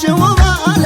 见我们。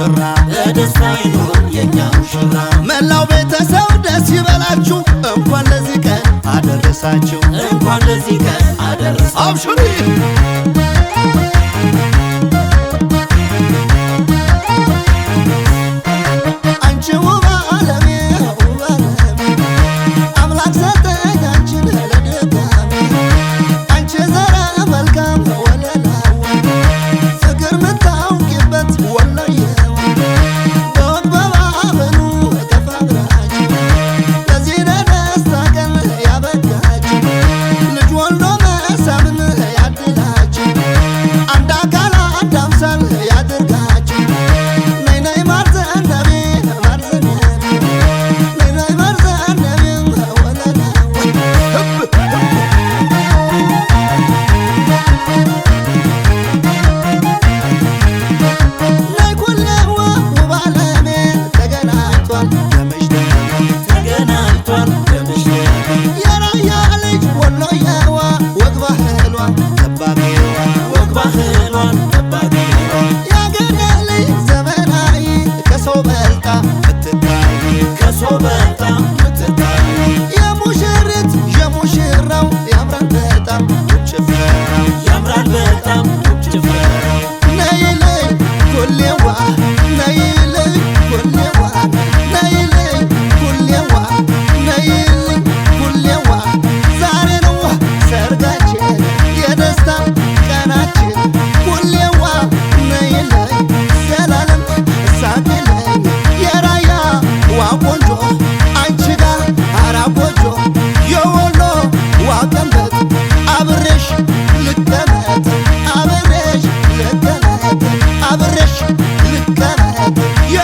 ሙሽራ በደስታ ይኑር የኛ ሙሽራ። መላው ቤተሰብ ደስ ይበላችሁ፣ እንኳን ለዚህ ቀን አደረሳችሁ፣ እንኳን ለዚህ ቀን አደረሳችሁ። አብሽሪ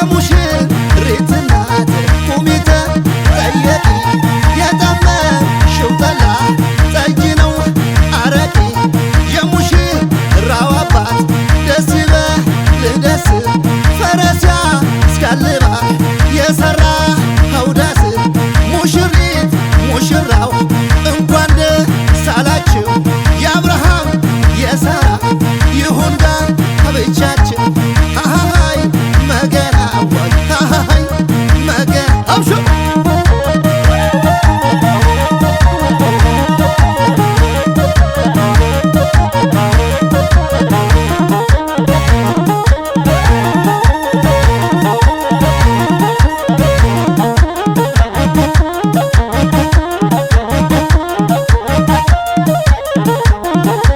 የሙሽ Yeah.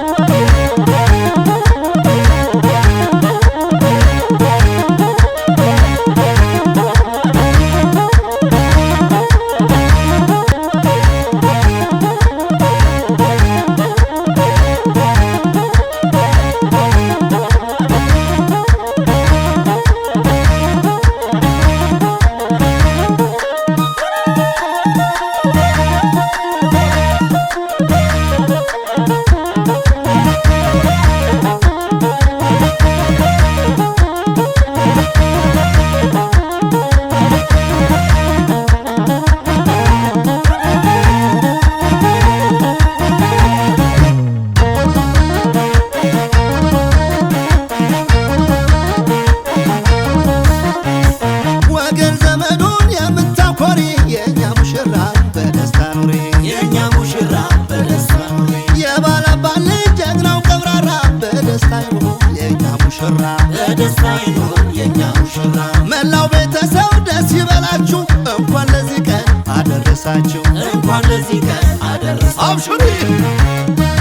ኮሪ የእኛ ሙሽራ በደስታ ኑሪ የእኛ ሙሽራ በደስታ ኑሪ የባላባል ጀግናው ቀብራራ በደስታ ይኑር የእኛ ሙሽራ በደስታ ይኑር የእኛ ሙሽራ መላው ቤተሰብ ደስ ይበላችሁ እንኳን ለዚህ ቀን አደረሳችሁ እንኳን ለዚህ ቀን አደረሳችሁ አብሽሪ